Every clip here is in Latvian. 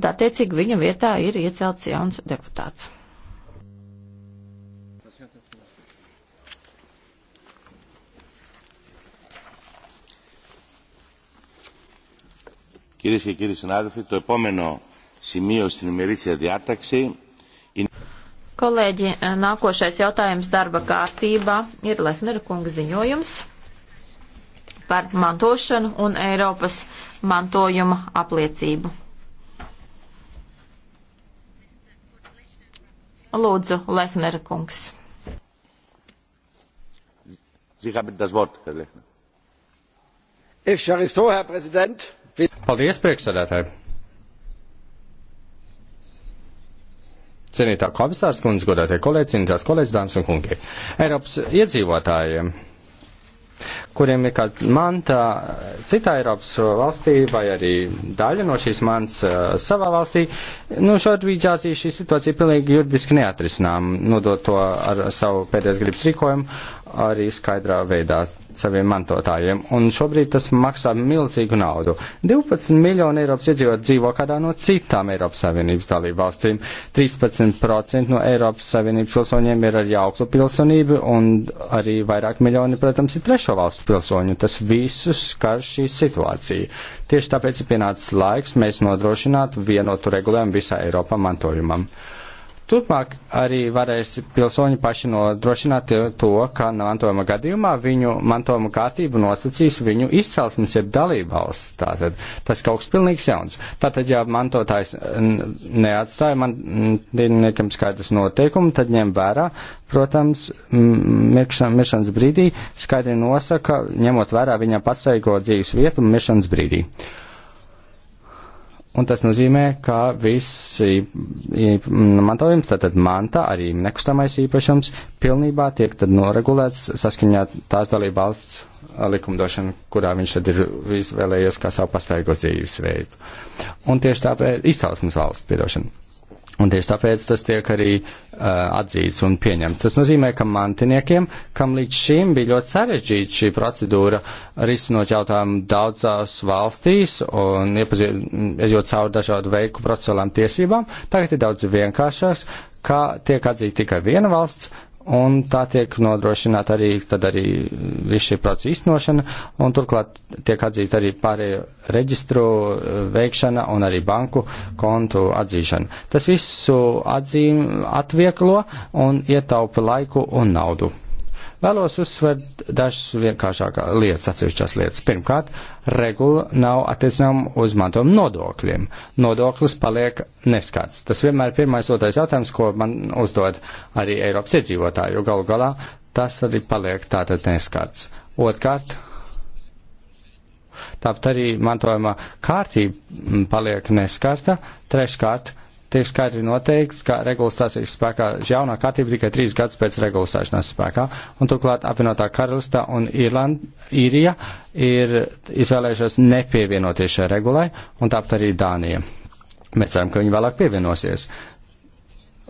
tad attiecīgi viņa vietā ir iecelts jauns deputāts. Κυρίες και κύριοι συνάδελφοι, το επόμενο σημείο στην ημερήσια διάταξη είναι... Kolēģi, nākošais jautājums darba kārtībā ir Lehnera kunga ziņojums par mantošanu un Eiropas mantojuma apliecību. Lūdzu, Lehnera kungs. Paldies, priekšsēdētāji! Cienītā komisārs kundze, godātie kolēģi, cienītās kolēģis, dāmas un kungi. Eiropas iedzīvotājiem kuriem ir kāda manta citā Eiropas valstī vai arī daļa no šīs mans eh, savā valstī, nu šodrīdzācija šī situācija pilnīgi juridiski neatrisinām, nodot to ar savu pēdējais gribas rīkojumu arī skaidrā veidā saviem mantotājiem, un šobrīd tas maksā milzīgu naudu. 12 miljoni Eiropas iedzīvot dzīvo kādā no citām Eiropas Savienības dalību valstīm, 13% no Eiropas Savienības pilsoņiem ir ar jauklu pilsonību, un arī vairāk miljoni, protams, ir trešo valstu pilsoņu. Tas visus skar šī situācija. Tieši tāpēc ir pienācis laiks mēs nodrošināt vienotu regulējumu visā Eiropā mantojumam. Turpmāk arī varēs pilsoņi paši nodrošināt to, ka mantojuma gadījumā viņu mantojuma kārtību nosacīs viņu izcelsmes jeb dalībvalsts. Tātad tas kaut kas pilnīgs jauns. Tātad, ja mantotājs neatstāja mantiniekam skaidrs noteikumu, tad ņem vērā, protams, miršanas brīdī skaidri nosaka, ņemot vērā viņa patsaigo dzīves vietu miršanas brīdī. Uh, Un tas nozīmē, ka viss mantojums, tātad manta, arī nekustamais īpašums, pilnībā tiek tad noregulēts saskaņā tās dalība valsts likumdošana, kurā viņš tad ir izvēlējies kā savu pastāvīgo dzīvesveidu. Un tieši tāpēc izcelsmes valsts, piedošana. Un tieši tāpēc tas tiek arī uh, atzīts un pieņemts. Tas nozīmē, ka mantiniekiem, kam līdz šim bija ļoti sarežģīta šī procedūra, risinot jautājumu daudzās valstīs un iepazīstot cauri dažādu veiku procesuālām tiesībām, tagad ir daudz vienkāršāks, kā tiek atzīta tikai viena valsts un tā tiek nodrošināta arī, tad arī visu šī procesa iznošana, un turklāt tiek atzīta arī pārējo reģistru eh, veikšana un arī banku kontu atzīšana. Tas visu atzīm atvieglo un ietaupa laiku un naudu. Vēlos uzsvert dažas vienkāršākās lietas, atsevišķas lietas. Pirmkārt, regula nav attiecinām uz mantojuma nodokļiem. Nodoklis paliek neskats. Tas vienmēr ir pirmais otrais jautājums, ko man uzdod arī Eiropas iedzīvotāji, jo galu galā tas arī paliek tātad neskats. Otkārt, tāpat arī mantojuma kārtība paliek neskarta. Treškārt, tiek skaidri noteikts, ka regulas stāsies spēkā jaunā kārtība tikai trīs gadus pēc regulas stāšanās spēkā, un turklāt apvienotā karalista un Irland, Irija ir izvēlējušās nepievienoties šai regulai, un tāpat arī Dānija. Mēs ceram, ka viņi vēlāk pievienosies.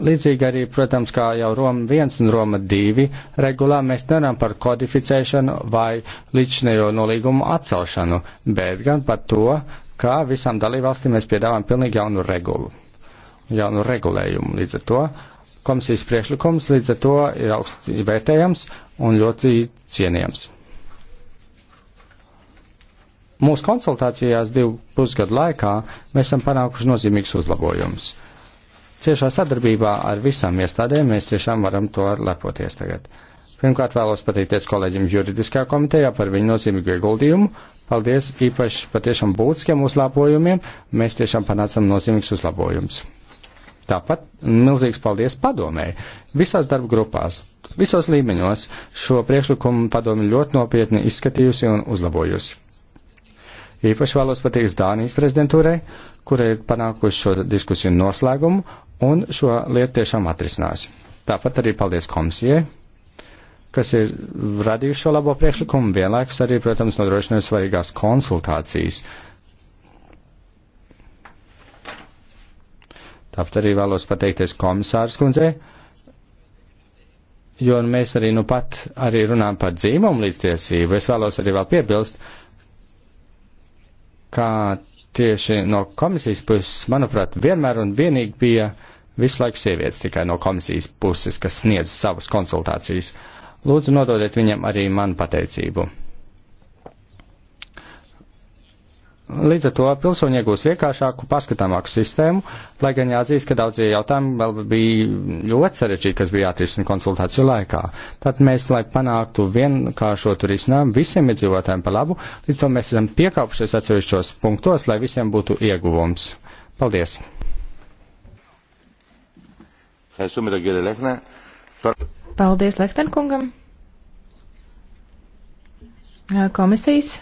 Līdzīgi arī, protams, kā jau Roma 1 un Roma 2 regulā, mēs nerunājam par kodificēšanu vai līdzinējo nolīgumu atcelšanu, bet gan par to, kā visām dalībvalstīm mēs piedāvājam pilnīgi jaunu regulu jaunu regulējumu. Līdz ar to komisijas priekšlikums līdz ar to ir augsti vērtējams un ļoti cienījams. Mūsu konsultācijās divu pusgadu laikā mēs esam panākuši nozīmīgus uzlabojumus. Ciešā sadarbībā ar visām iestādēm mēs tiešām varam to lepoties tagad. Pirmkārt vēlos pateikties kolēģim juridiskajā komitejā par viņu nozīmīgu ieguldījumu. Paldies īpaši patiešām būtiskiem uzlabojumiem. Mēs tiešām panācam nozīmīgus uzlabojumus. Tāpat milzīgs paldies padomēji. Visās darba grupās, visos līmeņos šo priekšlikumu padomi ļoti nopietni izskatījusi un uzlabojusi. Īpaši vēlos pateikt Dānijas prezidentūrai, kura ir panākusi šo diskusiju noslēgumu un šo lietu tiešām atrisinājusi. Tāpat arī paldies komisijai, kas ir radījuši šo labo priekšlikumu, vienlaikus arī, protams, nodrošinājusi svarīgās konsultācijas uh, Tāpat arī vēlos pateikties komisārs kundzei, jo mēs arī nu pat arī runājam par dzīvumu līdztiesību. Es vēlos arī vēl piebilst, kā tieši no komisijas puses, manuprāt, vienmēr un vienīgi bija visu laiku sievietes tikai no komisijas puses, kas sniedz savas konsultācijas. Lūdzu, nododiet viņam arī manu pateicību. Līdz ar to pilsoņi iegūs vienkāršāku, paskatāmāku sistēmu, lai gan jāatzīst, ka daudzie jautājumi vēl bija ļoti sarežģīti, kas bija jāatrisina konsultāciju laikā. Tad mēs, lai panāktu vienkāršotu risinājumu visiem iedzīvotājiem par labu, līdz to mēs esam piekāpušies atsevišķos punktos, lai visiem būtu ieguvums. Paldies! Paldies Lehterkungam! Komisijas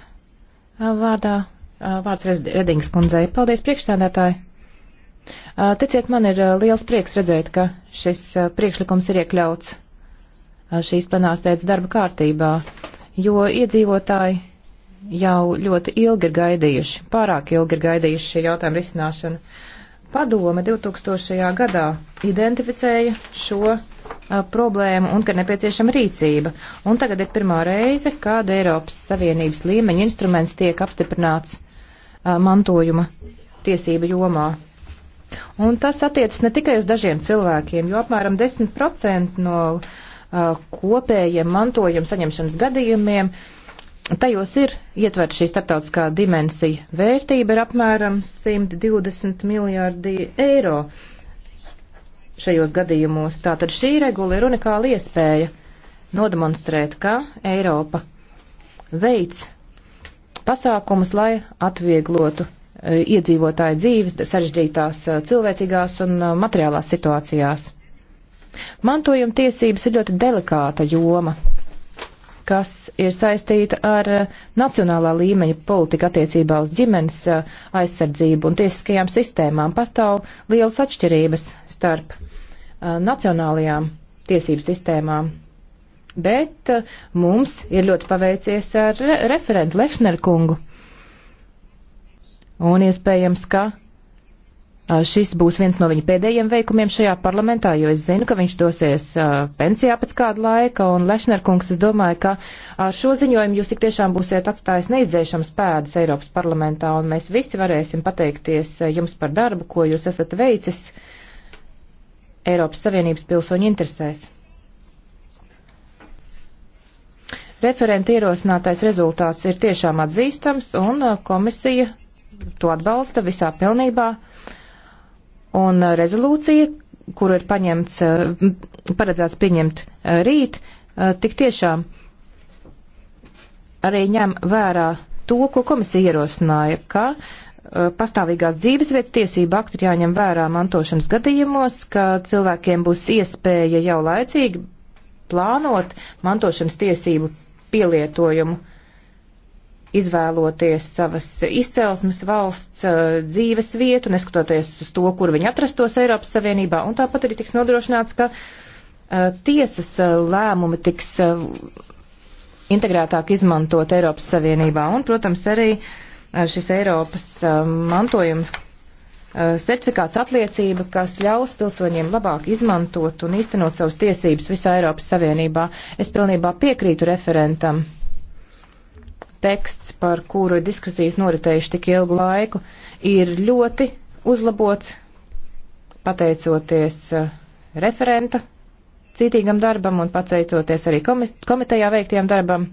uh, vārdā Uh, vārds Redings kundzei. Paldies, priekšstādātāji! Uh, ticiet, man ir uh, liels prieks redzēt, ka šis priekšlikums ir iekļauts šīs plenās tēdas darba kārtībā, jo iedzīvotāji jau ļoti ilgi ir gaidījuši, pārāk ilgi ir gaidījuši šī jautājuma risināšanu. Padome 2000. gadā identificēja šo a, problēmu un ka nepieciešama rīcība. Un tagad ir pirmā reize, kad Eiropas Savienības līmeņa instruments tiek apstiprināts mantojuma tiesība jomā. Un tas attiecas ne tikai uz dažiem cilvēkiem, jo apmēram 10% no uh, kopējiem mantojuma saņemšanas gadījumiem tajos ir ietverta šī starptautiskā dimensija. Vērtība ir apmēram 120 miljārdi eiro šajos gadījumos. Tātad šī regula ir unikāla iespēja nodemonstrēt, ka Eiropa veids pasākumus, lai atvieglotu e, iedzīvotāju dzīves sarežģītās e, cilvēcīgās un e, materiālās situācijās. Mantojuma tiesības ir ļoti delikāta joma, kas ir saistīta ar nacionālā līmeņa politiku attiecībā uz ģimenes aizsardzību un tiesiskajām sistēmām. Pastāv lielas atšķirības starp nacionālajām tiesību sistēmām bet eh, mums ir ļoti paveicies ar re referentu Lešneru kungu. Un iespējams, ka eh, šis būs viens no viņa pēdējiem veikumiem šajā parlamentā, jo es zinu, ka viņš dosies eh, pensijā pēc kāda laika, un Lešner kungs, es domāju, ka ar šo ziņojumu jūs tik tiešām būsiet atstājis neizdzēšams pēdas Eiropas parlamentā, un mēs visi varēsim pateikties jums par darbu, ko jūs esat veicis Eiropas Savienības pilsoņu interesēs. Referenta ierosinātais rezultāts ir tiešām atzīstams un uh, komisija to atbalsta visā pilnībā. Un uh, rezolūcija, kuru ir paņemts, uh, paredzēts pieņemt rīt, tik tiešām arī ņem vērā to, ko komisija ierosināja, ka pastāvīgās dzīvesvietas tiesība akti ir jāņem vērā mantošanas gadījumos, ka cilvēkiem būs iespēja jau laicīgi plānot mantošanas tiesību pielietojumu, izvēloties savas izcelsmes valsts uh, dzīves vietu, neskatoties uz to, kur viņi atrastos Eiropas Savienībā, un tāpat arī tiks nodrošināts, ka uh, tiesas uh, lēmumi tiks integrētāk izmantot Eiropas Savienībā, un, protams, arī šis Eiropas mantojuma Eh, certifikāts apliecība, kas ļaus pilsoņiem labāk izmantot un īstenot savas tiesības visā Eiropas Savienībā. Es pilnībā piekrītu referentam. Teksts, par kuru ir diskusijas noritējuši tik ilgu laiku, ir ļoti uzlabots pateicoties eh, referenta cītīgam darbam un pateicoties arī komitejā veiktajam darbam.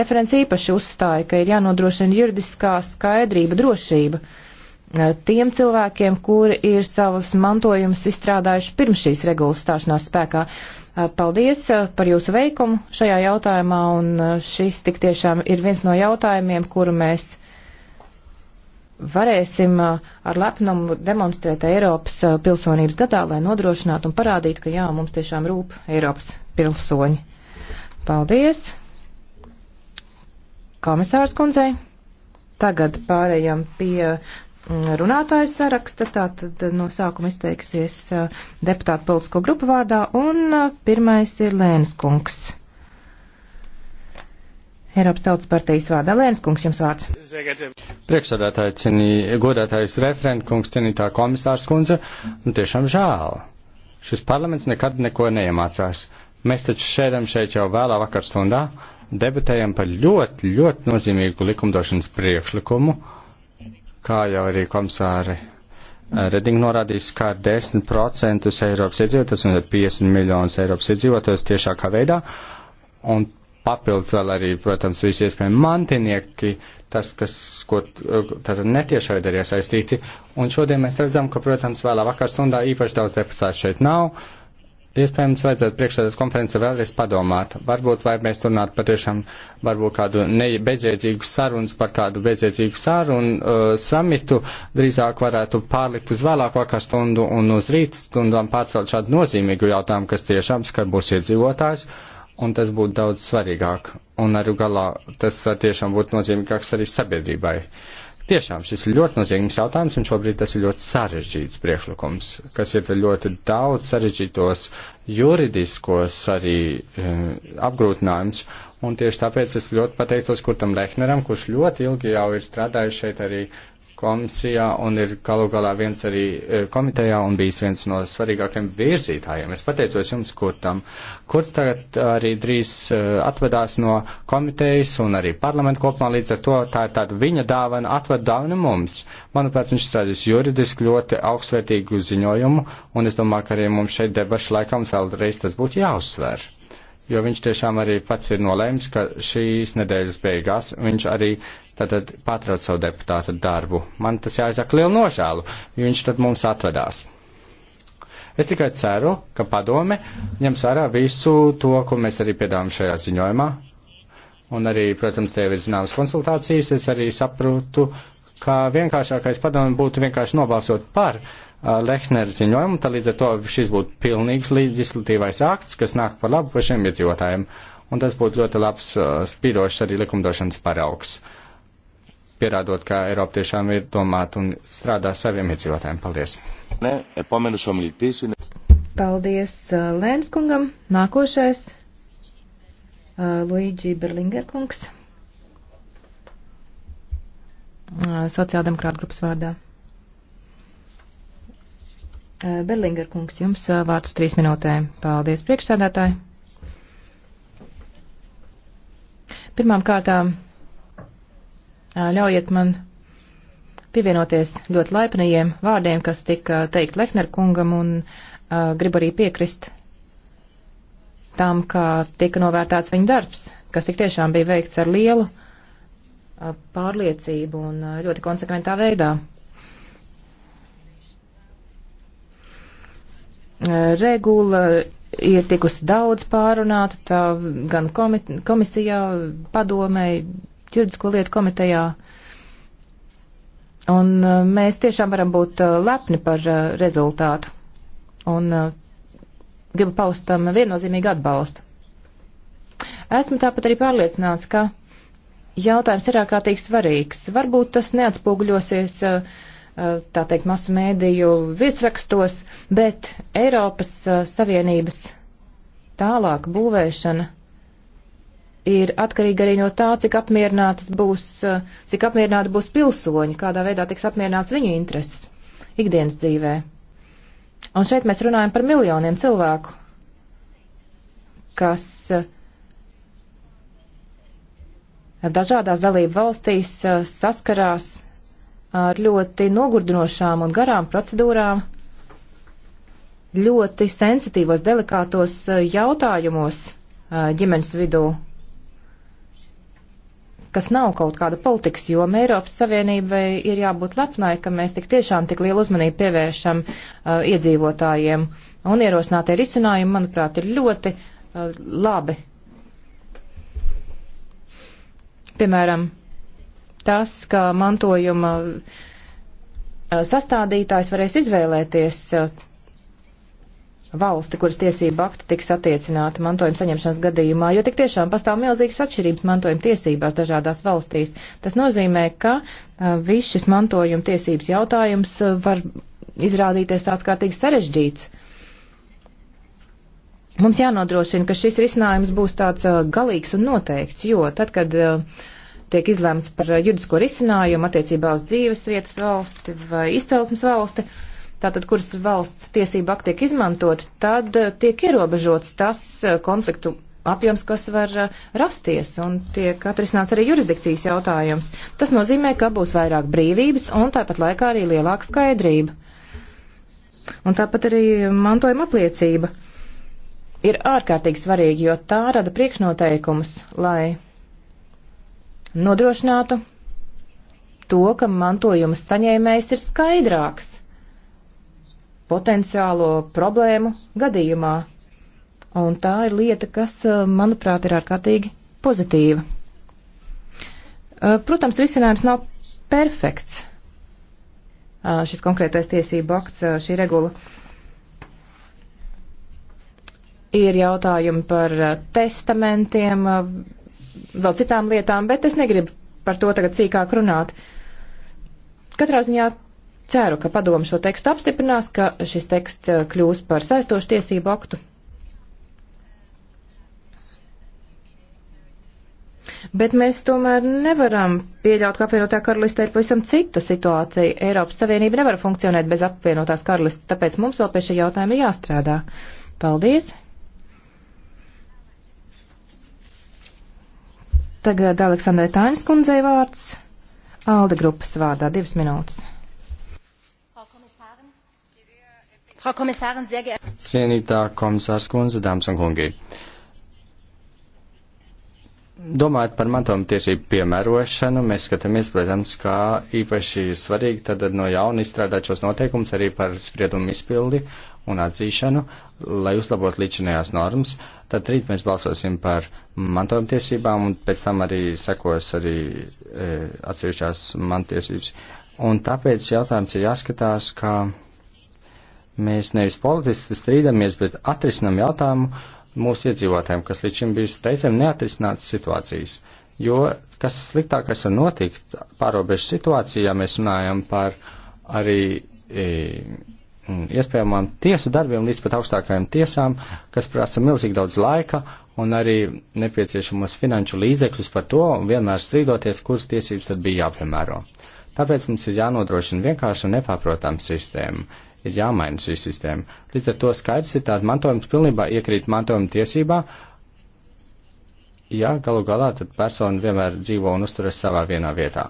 Referents īpaši uzstāja, ka ir jānodrošina juridiskā skaidrība, drošība. Uh, tiem cilvēkiem, kuri ir savus mantojumus izstrādājuši pirms šīs regulas stāšanās spēkā. Paldies par jūsu veikumu šajā jautājumā, un šis tik tiešām ir viens no jautājumiem, kuru mēs varēsim ar lepnumu demonstrēt Eiropas pilsonības gadā, lai nodrošinātu un parādītu, ka jā, mums tiešām rūp Eiropas pilsoņi. Paldies! Komisārs kundzei! Tagad pārējām pie runātāju saraksta. Tātad no sākuma izteiksies deputāta politisko grupu vārdā un pirmais ir Lēnas kungs. Eiropas Tautas partijas vārdā Lēnas kungs jums vārds. Priekšsādātāji, cienī, godātājs referent kungs, cienītā komisārs kundze, nu tiešām žēl. Šis parlaments nekad neko neiemācās. Mēs taču šēdam šeit jau vēlā vakar stundā, debatējam par ļoti, ļoti nozīmīgu likumdošanas priekšlikumu, uh, kā jau arī komisāri eh, Reding norādījis, kā 10% Eiropas iedzīvotājs un 50 miljonus Eiropas iedzīvotājus tiešākā veidā. Un papildus vēl arī, protams, visi iespējami mantinieki, tas, kas, ko tātad netiešai ir iesaistīti. Un šodien mēs redzam, ka, protams, vēlā vakar stundā īpaši daudz deputātu šeit nav. Iespējams, vajadzētu priekšsēdus konference vēlreiz padomāt. Varbūt, vai mēs runātu patiešām, varbūt kādu ne, bezjēdzīgu sarunas par kādu bezjēdzīgu sarunu uh, samitu, drīzāk varētu pārlikt uz vēlāk vakar stundu un uz rīt stundām pārcelt šādu nozīmīgu jautājumu, kas tiešām skar būs iedzīvotājs, un tas būtu daudz svarīgāk. Un arī galā tas tiešām būtu nozīmīgāks arī sabiedrībai. Uh, Tiešām šis ir ļoti nozīmīgs jautājums, un šobrīd tas ir ļoti sarežģīts priekšlikums, kas ir ļoti daudz sarežģītos juridiskos arī e, apgrūtinājums, un tieši tāpēc es ļoti pateicos Kurtam Lehneram, kurš ļoti ilgi jau ir strādājis šeit arī komisijā un ir galu galā viens arī e, komitejā un bijis viens no svarīgākiem virzītājiem. Es pateicos jums, Kurtam. Kurts tagad arī drīz e, atvedās no komitejas un arī parlamentu kopumā, līdz ar to tā ir tāda viņa dāvana, atved dāvana mums. Manuprāt, viņš strādās juridiski ļoti augstvērtīgu ziņojumu un es domāju, ka arī mums šeit debašu laikā mums vēlreiz tas būtu jāuzsver jo viņš tiešām arī pats ir nolēms, ka šīs nedēļas beigās viņš arī Tātad pārtrauc savu deputātu darbu. Man tas jāizsaka lielu nožēlu, jo viņš tad mums atvedās. Es tikai ceru, ka padome ņems vērā visu to, ko mēs arī piedāvājam šajā ziņojumā. Un arī, protams, tev ir zināmas konsultācijas. Es arī saprotu, ka vienkāršākais padomu būtu vienkārši nobalsot par uh, Lehneru ziņojumu, tad līdz ar to šis būtu pilnīgs legislatīvais akts, kas nāk par labu pašiem iedzīvotājiem. Un tas būtu ļoti labs uh, spīdošs arī likumdošanas paraugs. Uh, pierādot, ka Eiropa tiešām ir domāta un strādā saviem iedzīvotājiem. Paldies! Paldies uh, Lēns kungam. Nākošais uh, Luīģi Berlinger kungs. Uh, sociāldemokrāta grupas vārdā. Berlinger kungs, jums vārds trīs minūtēm. Paldies priekšsēdētāji. Pirmām kārtām Ļaujiet man pievienoties ļoti laipnajiem vārdiem, kas tika teikt Lehner kungam, un uh, gribu arī piekrist tam, kā tika novērtāts viņa darbs, kas tik tiešām bija veikts ar lielu uh, pārliecību un uh, ļoti konsekventā veidā. Uh, regula ir tikusi daudz pārunāta, tā gan komi komisijā, padomēji, juridisko lietu komitejā. Un uh, mēs tiešām varam būt uh, lepni par uh, rezultātu. Un gribu paust tam viennozīmīgu atbalstu. Esmu tāpat arī pārliecināts, ka jautājums ir ārkārtīgi svarīgs. Varbūt tas neatspūgļosies uh, tā teikt, masu mēdīju virsrakstos, bet Eiropas Savienības tālāk būvēšana ir atkarīga arī no tā, cik apmierinātas būs, eh, cik apmierināti būs pilsoņi, kādā veidā tiks apmierināts viņu intereses ikdienas dzīvē. Un šeit mēs runājam par miljoniem cilvēku, kas eh, dažādās dalību valstīs eh, saskarās ar ļoti nogurdinošām un garām procedūrām, ļoti sensitīvos, delikātos jautājumos ģimenes vidū kas nav kaut kāda politikas joma. Eiropas Savienībai ir jābūt lepnai, ka mēs tik tiešām tik lielu uzmanību pievēršam uh, iedzīvotājiem. Un ierosinātie risinājumi, manuprāt, ir ļoti uh, labi. Piemēram, tas, ka mantojuma uh, sastādītājs varēs izvēlēties uh, valsti, kuras tiesība akti tiks attiecināti mantojuma saņemšanas gadījumā, jo tik tiešām pastāv milzīgas atšķirības mantojuma tiesībās dažādās valstīs. Tas nozīmē, ka viss šis mantojuma tiesības jautājums var izrādīties tāds kārtīgi sarežģīts. Mums jānodrošina, ka šis risinājums būs tāds galīgs un noteikts, jo tad, kad tiek izlēmts par juridisko risinājumu attiecībā uz dzīves vietas valsti vai izcelsmes valsti, uh, tātad kuras valsts tiesība akti tiek izmantot, tad eh, tiek ierobežots tas eh, konfliktu apjoms, kas var eh, rasties, un tiek atrisināts arī jurisdikcijas jautājums. Tas nozīmē, ka būs vairāk brīvības un tāpat laikā arī lielāka skaidrība. Un tāpat arī mantojuma apliecība ir ārkārtīgi svarīga, jo tā rada priekšnoteikumus, lai nodrošinātu to, ka mantojuma saņēmējs ir skaidrāks potenciālo problēmu gadījumā. Un tā ir lieta, kas, eh, manuprāt, ir ārkārtīgi pozitīva. Eh, protams, risinājums nav perfekts. Eh, šis konkrētais tiesību akts, šī regula ir jautājumi par testamentiem, vēl citām lietām, bet es negribu par to tagad sīkāk runāt. Katrā ziņā Ceru, ka padomu šo tekstu apstiprinās, ka šis teksts eh, kļūs par saistošu tiesību aktu. Bet mēs tomēr nevaram pieļaut, ka apvienotā karaliste ir pavisam cita situācija. Eiropas Savienība nevar funkcionēt bez apvienotās karalistes, tāpēc mums vēl pie šī jautājuma jāstrādā. Paldies! Tagad Aleksandrai Tainskundzei vārds. Alde grupas vārdā divas minūtes. Frau Kommissarin, sehr geehrte. Cienītā komisārs kundze, dāmas un kungi. Domājot par mantojuma tiesību piemērošanu, mēs skatāmies, protams, kā īpaši svarīgi tad no jauna izstrādāt šos noteikumus arī par spriedumu izpildi un atzīšanu, lai uzlabotu līdzinējās normas. Tad rīt mēs balsosim par mantojuma tiesībām un pēc tam arī sekos arī e, atsevišķās mantiesības. Un tāpēc jautājums ir jāskatās, ka. Kā Mēs nevis politiski strīdamies, bet atrisinam jautājumu mūsu iedzīvotājiem, kas līdz šim bijusi reizēm neatrisināts situācijas. Jo kas sliktākais var notikt pārobežu situācijā, mēs runājam par arī e, iespējamām tiesu darbiem līdz pat augstākajām tiesām, kas prasa milzīgi daudz laika un arī nepieciešamos finanšu līdzekļus par to un vienmēr strīdoties, kuras tiesības tad bija jāpiemēro. Tāpēc mums ir jānodrošina vienkārša un nepārprotama sistēma, ir jāmaina šī sistēma. Līdz ar to skaidrs ir tāds mantojums pilnībā iekrīt mantojuma tiesībā, ja galu galā tad persona vienmēr dzīvo un uzturas savā vienā vietā.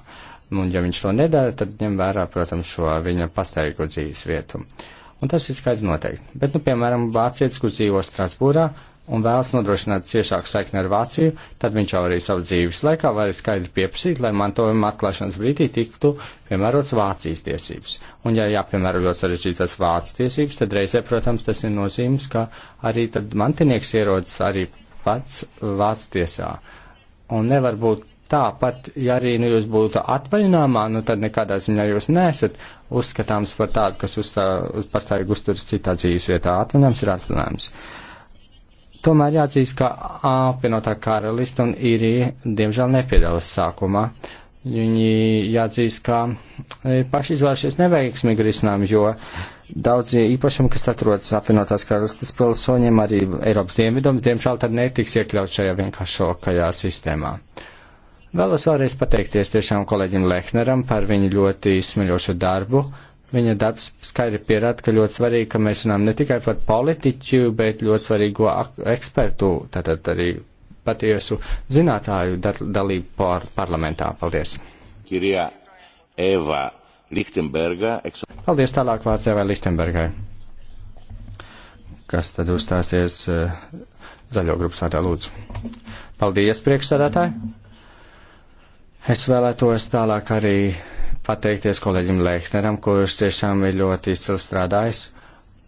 Un ja viņš to nedara, tad ņem vērā, protams, šo viņa pastāvīgo dzīves vietu. Un tas ir skaidrs noteikti. Bet, nu, piemēram, vācietis, kurš dzīvo Strasbūrā, un vēlas nodrošināt ciešāku saikni ar Vāciju, tad viņš jau arī savu dzīves laikā var skaidri pieprasīt, lai mantojuma atklāšanas brīdī tiktu piemērots Vācijas tiesības. Un ja jāpiemēro ļoti sarežģītas Vācijas tiesības, tad reizē, protams, tas ir nozīmes, ka arī tad mantinieks ierodas arī pats Vācu tiesā. Un nevar būt tāpat, ja arī nu, jūs būtu atvaļinājumā, nu tad nekādā ziņā jūs nesat uzskatāms par tādu, kas uz, uz pastāvīgi uzturas citā dzīves vietā. Atvaļinājums ir atvaļinājums. Uh, Tomēr jāatzīst, ka apvienotā karalista un īrija diemžēl nepiedalās sākumā. Viņi jāatzīst, ka e, paši izvēlēšies neveiksmīgu risinājumu, jo daudzi īpašumi, kas atrodas apvienotās karalistas pilsoņiem, arī Eiropas dienvidoms, diemžēl tad netiks iekļaut šajā vienkāršākajā sistēmā. Vēlos vēlreiz pateikties tiešām kolēģim Lehneram par viņu ļoti izsmeļošu darbu, Viņa darbs skaidri pierāda, ka ļoti svarīgi, ka mēs runājam ne tikai par politiķu, bet ļoti svarīgo ekspertu, tātad arī patiesu zinātāju dalību par parlamentā. Paldies! Kirjā Eva Lichtenberga. Eks... Paldies tālāk vārds Evai Lichtenbergai. Kas tad uzstāsies eh, zaļo grupas vārdā lūdzu? Paldies, priekšsādātāji! Es vēlētos tālāk arī pateikties kolēģim Lehneram, kurš tiešām ir ļoti izcili strādājis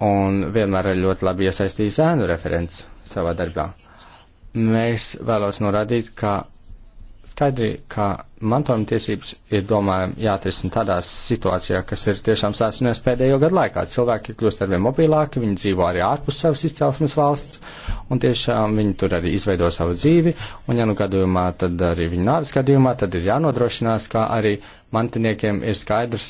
un vienmēr ir ļoti labi iesaistījis ēnu referents savā darbā. Mēs vēlos norādīt, ka skaidri, ka mantojuma tiesības ir domājam jāatrisina tādā situācijā, kas ir tiešām sāsinājies pēdējo gadu laikā. Cilvēki kļūst arvien mobilāki, viņi dzīvo arī ārpus savas izcelsmes valsts, un tiešām viņi tur arī izveido savu dzīvi, un ja nu gadījumā, tad arī viņa nāves gadījumā, tad ir jānodrošinās, kā arī mantiniekiem ir skaidrs,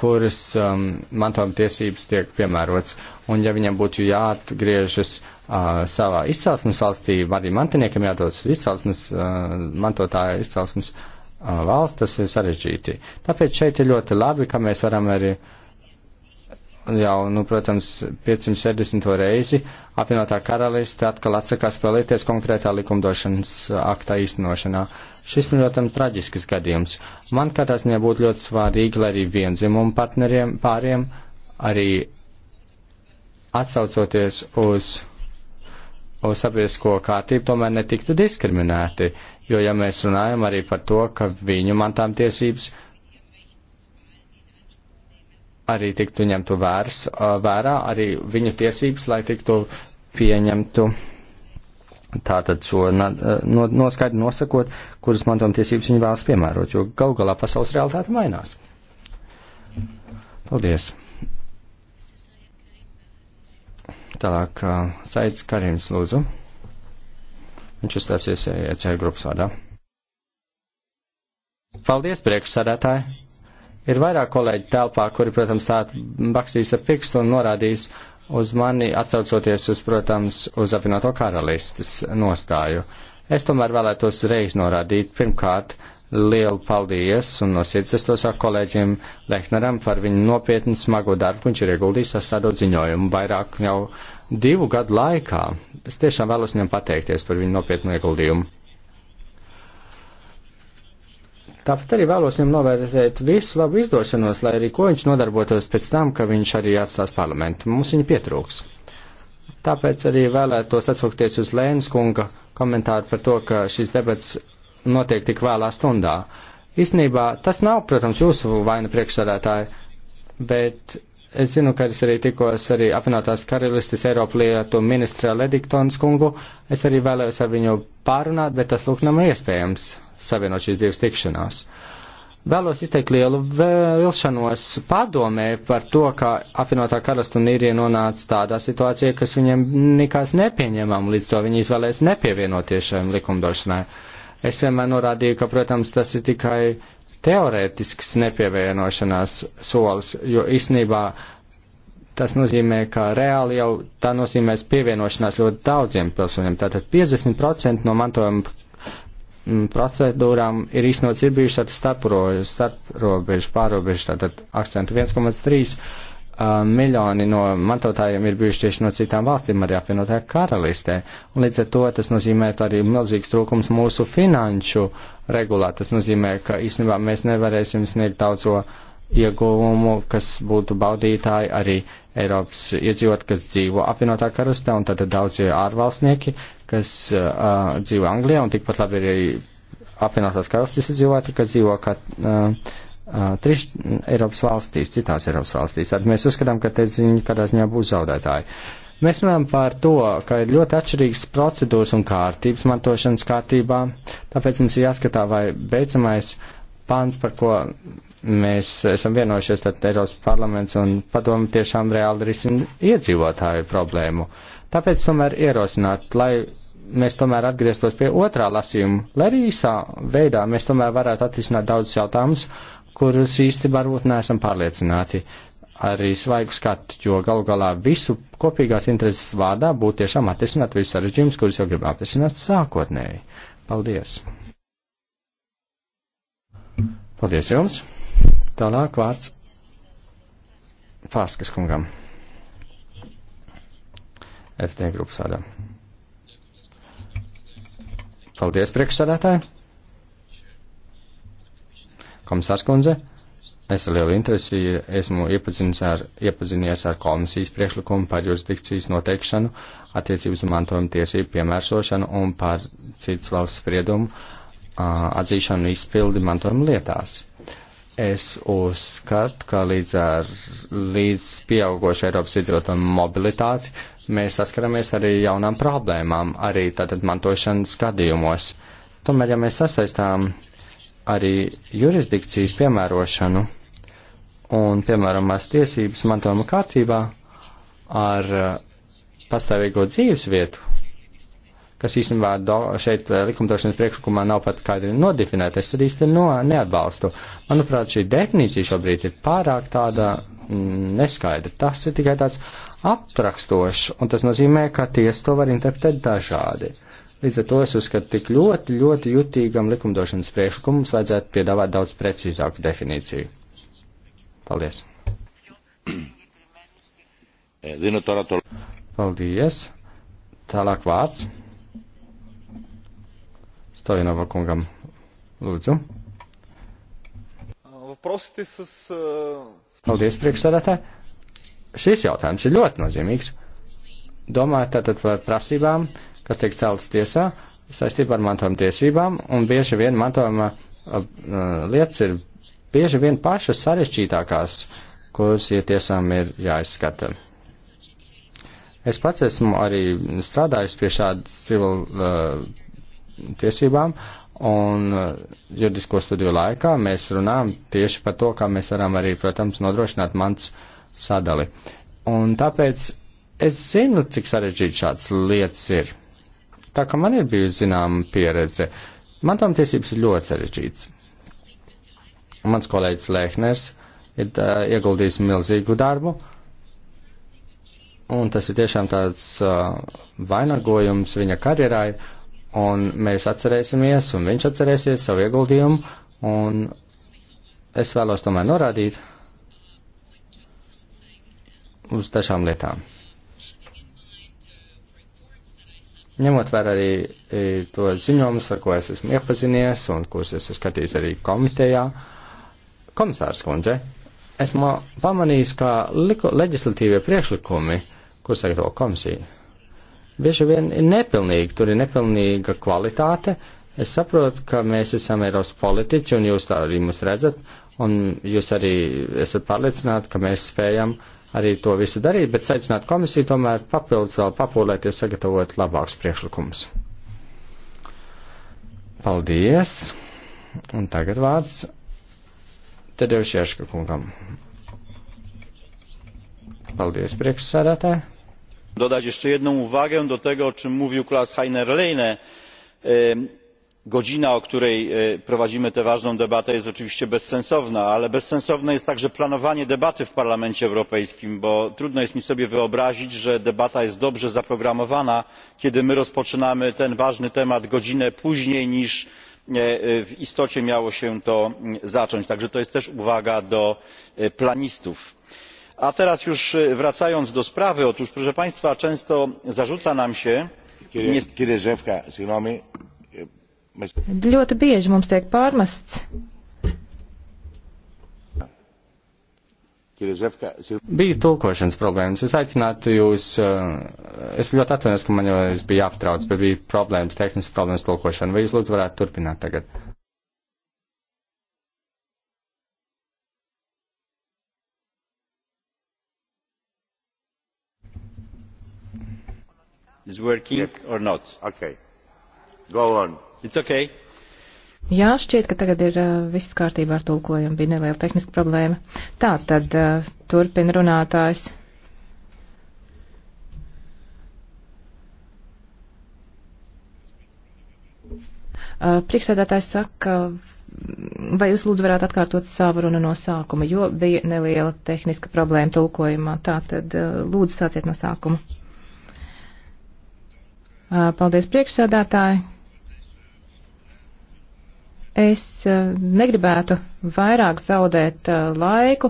kuras um, mantojuma tiesības tiek piemērots. Un ja viņam būtu jāatgriežas uh, savā izcelsmes valstī, arī mantiniekam jādodas uz izcelsmes, uh, mantotāja izcelsmes uh, valsts, tas ir sarežģīti. Tāpēc šeit ir ļoti labi, ka mēs varam arī uh, jau, nu, protams, 570. reizi apvienotā karaliste atkal atsakās spēlēties konkrētā likumdošanas aktā īstenošanā. Šis ir, protams, traģisks gadījums. Man katrā ziņā būtu ļoti svarīgi, lai arī vienzimumu partneriem pāriem arī atsaucoties uz uz sabiedrisko kārtību tomēr netiktu diskriminēti, jo ja mēs runājam arī par to, ka viņu mantām tiesības arī tiktu ņemtu vērs, vērā arī viņu tiesības, lai tiktu pieņemtu tātad šo no, no, noskaidri nosakot, kuras mantojuma tiesības viņi vēlas piemērot, jo gal galā pasaules realitāte mainās. Paldies. Tālāk, Saids Karims lūdzu. Viņš uzstāsies ECR grupas vārdā. Paldies, priekšsādātāji! Ir vairāk kolēģi telpā, kuri, protams, tā bakstīs ar pirkstu un norādīs uz mani, atsaucoties uz, protams, uz apvienoto karalistes nostāju. Es tomēr vēlētos reiz norādīt, pirmkārt, lielu paldies un no sirds es to saku kolēģim Lehneram par viņu nopietnu smago darbu, viņš ir ieguldījis sasādot ziņojumu vairāk jau divu gadu laikā. Es tiešām vēlos viņam pateikties par viņu nopietnu ieguldījumu. Tāpat arī vēlos viņam novērtēt visu labu izdošanos, lai arī ko viņš nodarbotos pēc tam, ka viņš arī atstās parlamentu. Mums viņa pietrūks. Tāpēc arī vēlētos atsaukties uz Lēnas kunga komentāru par to, ka šis debats notiek tik vēlā stundā. Īsnībā tas nav, protams, jūsu vaina priekšsādātāji, bet Es zinu, ka es arī tikos arī apvienotās karalistes Eiropa lietu ministra Lediktons kungu. Es arī vēlējos ar viņu pārunāt, bet tas lūk nav iespējams savienot šīs divas tikšanās. Vēlos izteikt lielu vilšanos padomē par to, ka apvienotā karalista un īrija nonāca tādā situācijā, kas viņiem nikās nepieņemam, līdz to viņi izvēlēs nepievienoties šajam likumdošanai. Es vienmēr norādīju, ka, protams, tas ir tikai uh, teorētisks nepievienošanās solis, jo īstenībā tas nozīmē, ka reāli jau tā nozīmēs pievienošanās ļoti daudziem pilsoņiem. Tātad 50% no mantojuma procedūrām ir īstenots ir bijuši ar starprobežu, starp pārobežu, tātad akcentu 1,3 miljoni no mantotājiem ir bijuši tieši no citām valstīm, arī apvienotā karalistē. Un līdz ar to tas nozīmē arī milzīgs trūkums mūsu finanšu regulā. Tas nozīmē, ka īstenībā mēs nevarēsim sniegt daudzo ieguvumu, kas būtu baudītāji arī Eiropas iedzīvot, kas dzīvo apvienotā karalistē, un tad daudzie ārvalstnieki, kas uh, dzīvo Anglijā, un tikpat labi ir arī apvienotās karalistes iedzīvotāji, kas dzīvo kā. Uh, trīs Eiropas valstīs, citās Eiropas valstīs. Tad mēs uzskatām, ka te ziņa kādā ziņā būs zaudētāji. Mēs runājam par to, ka ir ļoti atšķirīgas procedūras un kārtības mantošanas kārtībā, tāpēc mums ir jāskatā, vai beidzamais pāns, par ko mēs esam vienojušies, tad Eiropas parlaments un padomu tiešām reāli risina iedzīvotāju problēmu. Tāpēc tomēr ierosināt, lai mēs tomēr atgrieztos pie otrā lasījuma, lai arī īsā veidā mēs tomēr varētu atrisināt daudz jautājumus kurus īsti varbūt neesam pārliecināti arī svaigu skatu, jo galu galā visu kopīgās intereses vārdā būtu tiešām atrisināt visus sarežģījumus, kurus jau gribam atrisināt sākotnēji. Paldies! Paldies jums! Tālāk vārds Fāskas kungam. FT grupas vārdā. Paldies, priekšsādātāji! komisārs kundze, es ar lielu interesi esmu ar, iepazinies ar komisijas priekšlikumu par jurisdikcijas noteikšanu, attiecības un mantojuma tiesību piemērsošanu un par citas valsts spriedumu atzīšanu izpildi mantojuma lietās. Es uzskatu, ka līdz ar līdz pieaugošu Eiropas iedzīvotāju mobilitāti mēs saskaramies arī jaunām problēmām, arī tātad mantošanas gadījumos. Tomēr, ja mēs sasaistām arī jurisdikcijas piemērošanu un, piemēram, mās tiesības mantojuma kārtībā ar eh, pastāvīgo dzīves vietu, kas īstenībā do, šeit eh, likumdošanas priekšlikumā nav pat kādi nodefinēti, es tad īsti no, neatbalstu. Manuprāt, šī definīcija šobrīd ir pārāk tāda mm, neskaidra. Tas ir tikai tāds aprakstošs, un tas nozīmē, ka tiesa to var interpretēt dažādi. Uh, Līdz ar to es uzskatu, tik ļoti, ļoti jutīgam likumdošanas priekšlikumam mums vajadzētu piedāvāt daudz precīzāku definīciju. Paldies! Eh, Paldies! Tālāk vārds. Stojanova kungam. Lūdzu. Eh, Paldies, priekšsēdētāji. Šis jautājums ir ļoti nozīmīgs. Domāju tātad par prasībām, uh, kas tiek celtas tiesā saistībā ar mantojuma tiesībām, un bieži vien mantojuma uh, uh, lietas ir bieži vien pašas sarežģītākās, kuras ir tiesām ir jāizskata. Es pats esmu arī strādājis pie šādas civil uh, tiesībām, un uh, juridisko studiju laikā mēs runājam tieši par to, kā mēs varam arī, protams, nodrošināt mans sadali. Un tāpēc es zinu, cik sarežģīti šāds lietas ir. Tā ka man ir bijusi zināma pieredze. Mantojumtiesības ir ļoti sarežģīts. Mans kolēģis Lēhners ir uh, ieguldījis milzīgu darbu, un tas ir tiešām tāds uh, vainagojums viņa karjerai, un mēs atcerēsimies, un viņš atcerēsies savu ieguldījumu, un es vēlos tomēr norādīt uz dažām lietām. Ņemot vērā arī e, to ziņojumus, ar ko es esmu iepazinies un kurus es esmu skatījis arī komitejā, komisārs kundze, esmu pamanījis, ka liko, leģislatīvie priekšlikumi, kurus sagatavo komisija, bieži vien ir nepilnīgi, tur ir nepilnīga kvalitāte. Es saprotu, ka mēs esam Eiropas politiķi un jūs tā arī mūs redzat, un jūs arī esat pārliecināti, ka mēs spējam uh, arī to visu darīt, bet aicināt komisiju tomēr papildus vēl papūlēties, sagatavot labākus priekšlikumus. Paldies! Un tagad vārds Tadeu Šieška kungam. Paldies, priekšsēdētāji! Dodać jeszcze jedną uwagę do tego, o czym mówił Klaus Heiner Leine. E godzina o której e, prowadzimy tę ważną debatę jest oczywiście bezsensowna ale bezsensowne jest także planowanie debaty w parlamencie europejskim bo trudno jest mi sobie wyobrazić że debata jest dobrze zaprogramowana kiedy my rozpoczynamy ten ważny temat godzinę później niż e, w istocie miało się to zacząć. także to jest też uwaga do e, planistów. a teraz już wracając do sprawy otóż proszę państwa często zarzuca nam się mēs... Ļoti bieži mums tiek pārmests. Bija tulkošanas problēmas. Es aicinātu jūs, eh, es ļoti atvainojos, ka man jau es biju aptrauc, bet bija problēmas, tehniskas problēmas tulkošana. Vai jūs lūdzu varētu turpināt tagad? Is working or not? Okay. Go on. Okay. Jā, šķiet, ka tagad ir uh, viss kārtībā ar tulkojumu, bija neliela tehniska problēma. Tā tad uh, turpina runātājs. Uh, Priekšsēdētājs saka, mm, vai jūs lūdzu varētu atkārtot savu runu no sākuma, jo bija neliela tehniska problēma tulkojumā. Tā tad uh, lūdzu sāciet no sākuma. Uh, paldies priekšsēdētāji. Es eh, negribētu vairāk zaudēt eh, laiku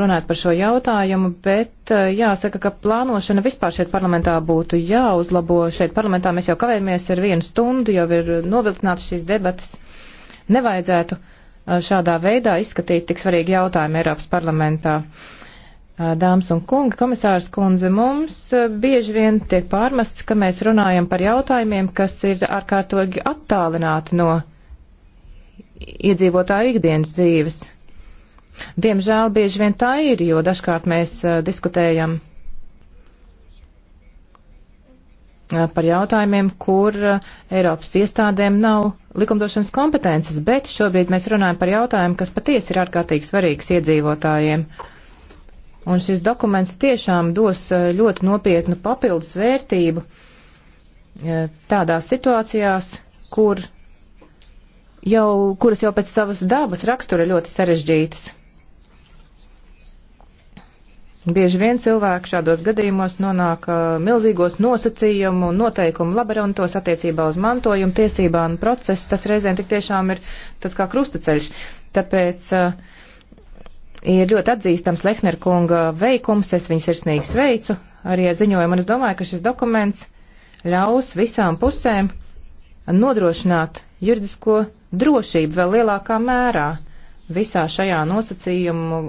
runāt par šo jautājumu, bet eh, jāsaka, ka plānošana vispār šeit parlamentā būtu jāuzlabo. Šeit parlamentā mēs jau kavējamies ar vienu stundu, jau ir novilcināts šīs debatas. Nevajadzētu šādā veidā izskatīt tik svarīgi jautājumi Eiropas parlamentā. Dāmas un kungi, komisārs kundze, mums bieži vien tiek pārmests, ka mēs runājam par jautājumiem, kas ir ārkārtīgi attālināti no iedzīvotāju ikdienas dzīves. Diemžēl bieži vien tā ir, jo dažkārt mēs uh, diskutējam uh, par jautājumiem, kur uh, Eiropas iestādēm nav likumdošanas kompetences, bet šobrīd mēs runājam par jautājumu, kas patiesi ir ārkārtīgi svarīgs iedzīvotājiem. Un šis dokuments tiešām dos ļoti nopietnu papildus vērtību tādās situācijās, kur jau, kuras jau pēc savas dabas rakstura ļoti sarežģītas. Bieži vien cilvēki šādos gadījumos nonāk milzīgos nosacījumu un noteikumu labirintos attiecībā uz mantojumu, tiesībām un procesu. Tas reizēm tik tiešām ir tas kā krustaceļš. Tāpēc uh, ir ļoti atzīstams Lehner kunga veikums, es viņu sirsnīgi sveicu arī ar ziņojumu, un es domāju, ka šis dokuments ļaus visām pusēm nodrošināt juridisko drošību vēl lielākā mērā visā šajā nosacījumu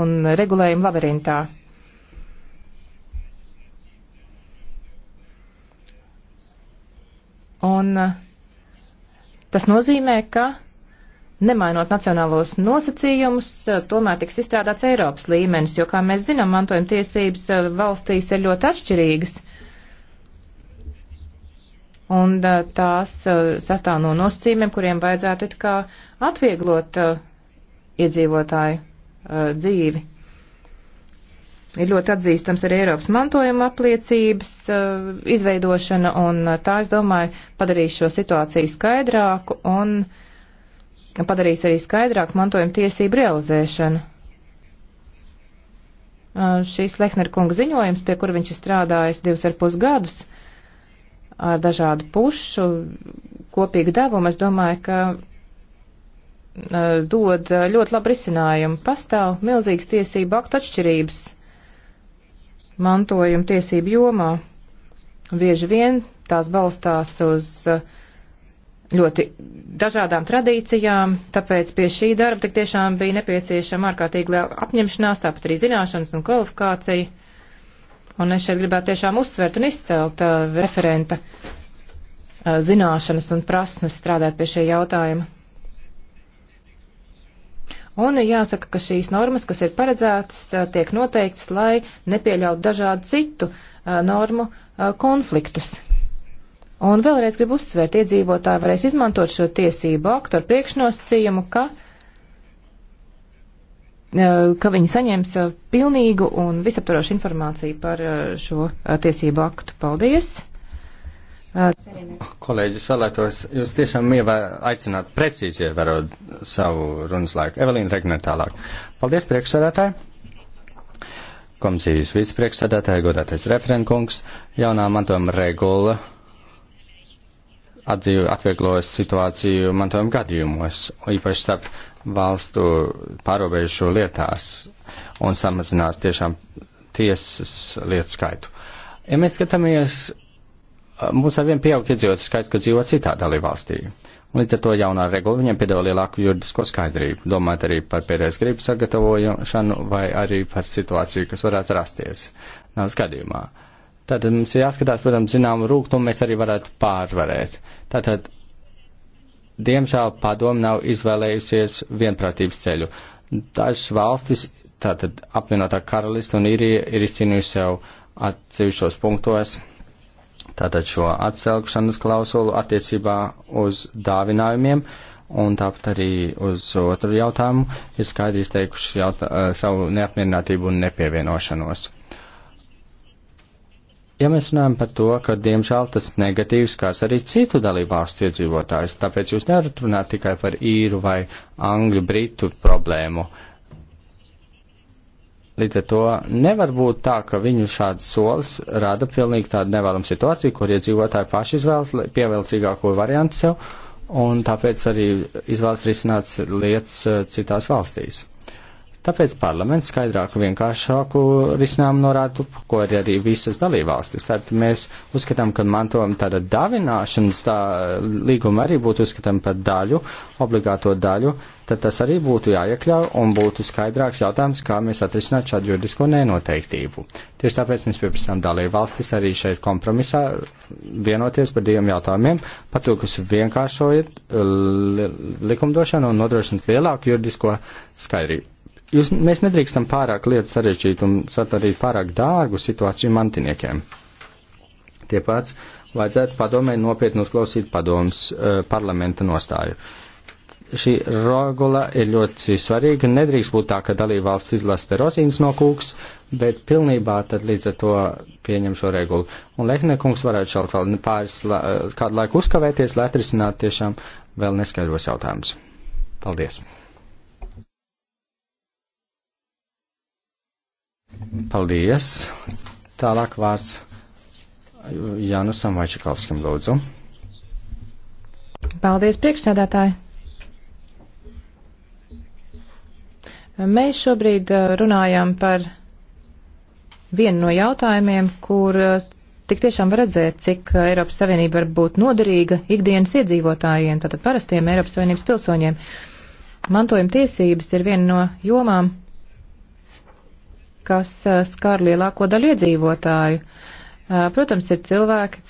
un regulējumu labirintā. Un eh, tas nozīmē, ka nemainot nacionālos nosacījumus, eh, tomēr tiks izstrādāts Eiropas līmenis, jo, kā mēs zinām, mantojuma tiesības eh, valstīs ir ļoti atšķirīgas un tās sastāv no nosacījumiem, kuriem vajadzētu it kā atvieglot iedzīvotāju dzīvi. Ir ļoti atzīstams arī Eiropas mantojuma apliecības izveidošana, un tā, es domāju, padarīs šo situāciju skaidrāku un padarīs arī skaidrāku mantojuma tiesību realizēšanu. Šīs Lehner kunga ziņojums, pie kur viņš ir strādājis divus ar pus gadus, ar dažādu pušu kopīgu devumu, es domāju, ka uh, dod uh, ļoti labu risinājumu. Pastāv milzīgas tiesību aktu atšķirības mantojuma tiesību jomā. Bieži vien tās balstās uz uh, ļoti dažādām tradīcijām, tāpēc pie šī darba tik tiešām bija nepieciešama ārkārtīgi liela apņemšanās, tāpat arī zināšanas un kvalifikācija. Un es šeit gribētu tiešām uzsvert un izcelt uh, referenta uh, zināšanas un prasmes strādāt pie šī jautājuma. Un jāsaka, ka šīs normas, kas ir paredzētas, uh, tiek noteiktas, lai nepieļautu dažādu citu uh, normu uh, konfliktus. Un vēlreiz gribu uzsvērt, iedzīvotāji varēs izmantot šo tiesību aktu ar priekšnosacījumu, ka uh, Eh, ka viņi saņems eh, pilnīgu un visaptvarošu informāciju par eh, šo tiesību aktu. Paldies! Kolēģis vēlētos jūs tiešām aicināt precīzi ievērot savu runas laiku. Evelīna Regnē tālāk. Paldies priekšsēdētāji! Komisijas vicepriekšsēdētāja, godātais referentkungs, jaunā mantojuma regula atvieglos situāciju mantojuma gadījumos, īpaši starp valstu pārobežu lietās un samazinās tiešām tiesas lietu skaitu. Ja mēs skatāmies, mums arvien pieaug iedzīvotāju skaits, kas dzīvo citā dalībvalstī. Līdz ar to jaunā regula viņiem piedāvā lielāku juridisko skaidrību, domājot arī par pēdējais gribas sagatavošanu vai arī par situāciju, kas varētu rasties nav skatījumā. Tātad mums ir jāskatās, protams, zinām rūgtumu mēs arī varētu pārvarēt. Tātad Diemžēl padomu nav izvēlējusies vienprātības ceļu. Dažas valstis, tātad apvienotā karalista un īrija, ir izcīnījusi sev atsevišķos punktos, tātad šo atcelkšanas klausulu attiecībā uz dāvinājumiem, un tāpat arī uz otru jautājumu ir skaidri izteikuši jautā, eh, savu neapmierinātību un nepievienošanos. Ja mēs runājam par to, ka diemžēl tas negatīvs kārs arī citu dalībvalstu iedzīvotājs, tāpēc jūs nevarat runāt tikai par īru vai angļu britu problēmu. Līdz ar to nevar būt tā, ka viņu šāds solis rada pilnīgi tādu nevēlamu situāciju, kur iedzīvotāji paši izvēlas pievilcīgāko variantu sev, un tāpēc arī izvēlas risināt lietas eh, citās valstīs. Tāpēc parlaments skaidrāku, vienkāršāku risinājumu norādu, ko ir arī visas dalībvalstis. Tad mēs uzskatām, ka mantojuma tāda davināšanas tā līguma arī būtu uzskatām par daļu, obligāto daļu, tad tas arī būtu jāiekļauj un būtu skaidrāks jautājums, kā mēs atrisināt šādu juridisko nenoteiktību. Tieši tāpēc mēs pieprasām dalībvalstis arī šeit kompromisā vienoties par diviem jautājumiem, par to, kas vienkāršojiet eh, likumdošanu un nodrošināt lielāku juridisko skaidrību. Jūs, mēs nedrīkstam pārāk lietas sarežģīt un satarīt pārāk dārgu situāciju mantiniekiem. Tie pats vajadzētu padomē nopietni uzklausīt padomus uh, eh, parlamenta nostāju. Šī regula ir ļoti svarīga. Nedrīkst būt tā, ka dalība valsts izlasta rozīnas no kūks, bet pilnībā tad līdz ar to pieņem šo regulu. Un Lehnekungs varētu šalt vēl pāris la, eh, kādu laiku uzkavēties, lai atrisinātu tiešām vēl neskaidros jautājumus. Paldies! Paldies! Tālāk vārds Jānusam Vaičikovskim lūdzu. Paldies, priekšsēdētāji! Mēs šobrīd eh, runājam par vienu no jautājumiem, kur eh, tik tiešām var redzēt, cik eh, Eiropas Savienība var būt noderīga ikdienas iedzīvotājiem, tātad parastiem Eiropas Savienības pilsoņiem. Mantojuma tiesības ir viena no jomām, kas eh, skar lielāko daļu iedzīvotāju. Eh, protams, ir cilvēki,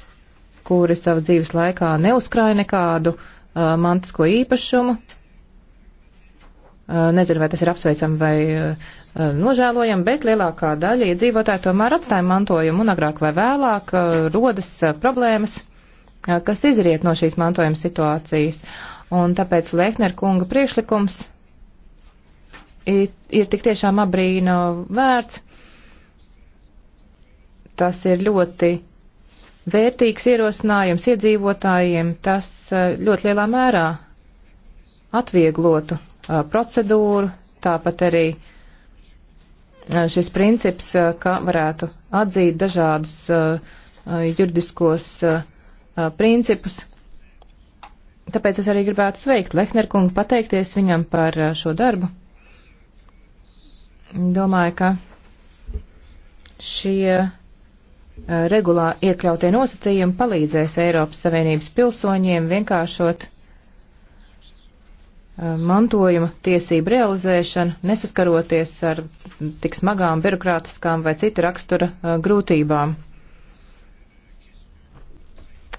kuri savu dzīves laikā neuzkrāja nekādu eh, mantisko īpašumu. Nezinu, vai tas ir apsveicami vai nožēlojami, bet lielākā daļa iedzīvotāji tomēr atstāja mantojumu un agrāk vai vēlāk rodas problēmas, kas izriet no šīs mantojuma situācijas. Un tāpēc Lehner kunga priekšlikums ir tik tiešām abrīna vērts. Tas ir ļoti vērtīgs ierosinājums iedzīvotājiem. Tas eh, ļoti lielā mērā atvieglotu eh, procedūru, tāpat arī eh, šis princips, ka varētu atzīt dažādus juridiskos principus. Tāpēc es arī gribētu sveikt Lehnerkungu, pateikties viņam par šo darbu. Domāju, ka šie eh, regulā iekļautie nosacījumi palīdzēs Eiropas Savienības pilsoņiem vienkāršot eh, mantojuma tiesību realizēšanu, nesaskaroties ar tik smagām birokrātiskām vai cita rakstura eh, grūtībām.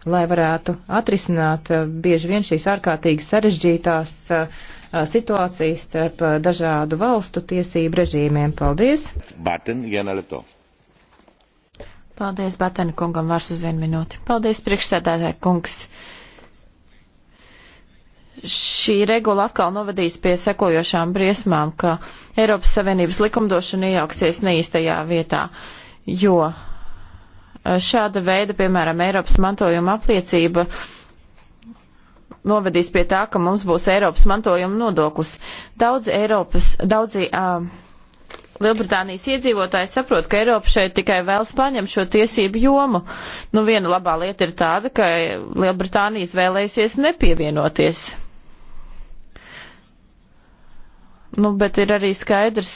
Lai varētu atrisināt bieži vien šīs ārkārtīgi sarežģītās uh, situācijas starp dažādu valstu tiesību režīmiem. Paldies! Baten, Paldies, Batena kungam, vairs uz vienu minūti. Paldies, priekšsēdētāji kungs. Šī regula atkal novadīs pie sekojošām briesmām, ka Eiropas Savienības likumdošana iejauksies neīstajā vietā, jo šāda veida, piemēram, Eiropas mantojuma apliecība uh, novedīs pie tā, ka mums būs Eiropas mantojuma nodoklis. Daudz Eiropas, daudzi uh, Lielbritānijas iedzīvotāji saprot, ka Eiropa šeit tikai vēlas paņemt šo tiesību jomu. Nu, viena labā lieta ir tāda, ka Lielbritānija izvēlējusies nepievienoties. Nu, bet ir arī skaidrs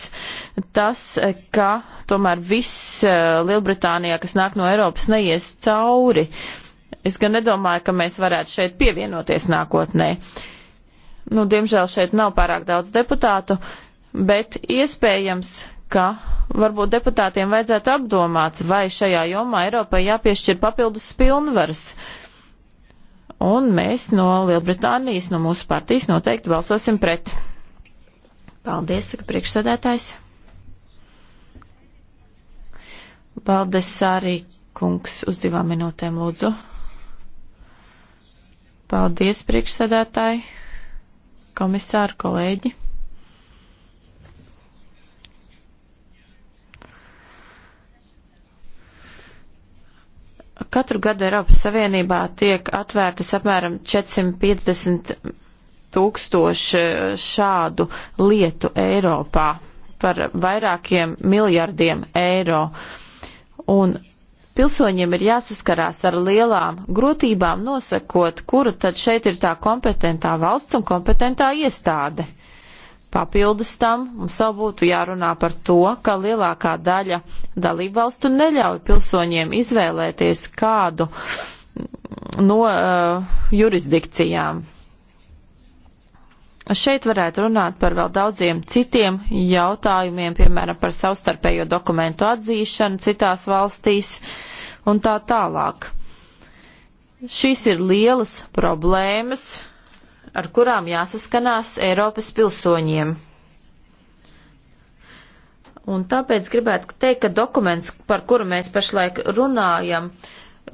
tas, ka tomēr viss Lielbritānijā, kas nāk no Eiropas, neies cauri. Uh, Es gan nedomāju, ka mēs varētu šeit pievienoties nākotnē. Nu, diemžēl šeit nav pārāk daudz deputātu, bet iespējams, ka varbūt deputātiem vajadzētu apdomāt, vai šajā jomā Eiropai jāpiešķir papildus pilnvaras. Un mēs no Lielbritānijas, no mūsu partijas noteikti balsosim pret. Paldies, saka priekšsēdētājs. Paldies, Sārī kungs, uz divām minūtēm lūdzu. Paldies, priekšsēdētāji, komisāri, kolēģi. Katru gadu Eiropas Savienībā tiek atvērtas apmēram 450 tūkstoši šādu lietu Eiropā par vairākiem miljardiem eiro. Un Pilsoņiem ir jāsaskarās ar lielām grūtībām nosakot, kura tad šeit ir tā kompetentā valsts un kompetentā iestāde. Papildus tam mums vēl būtu jārunā par to, ka lielākā daļa dalībvalstu neļauj pilsoņiem izvēlēties kādu no uh, jurisdikcijām. Šeit varētu runāt par vēl daudziem citiem jautājumiem, piemēram, par savstarpējo dokumentu atzīšanu citās valstīs. Uh, un tā tālāk. Šīs ir lielas problēmas, ar kurām jāsaskanās Eiropas pilsoņiem. Un tāpēc gribētu teikt, ka dokuments, par kuru mēs pašlaik runājam,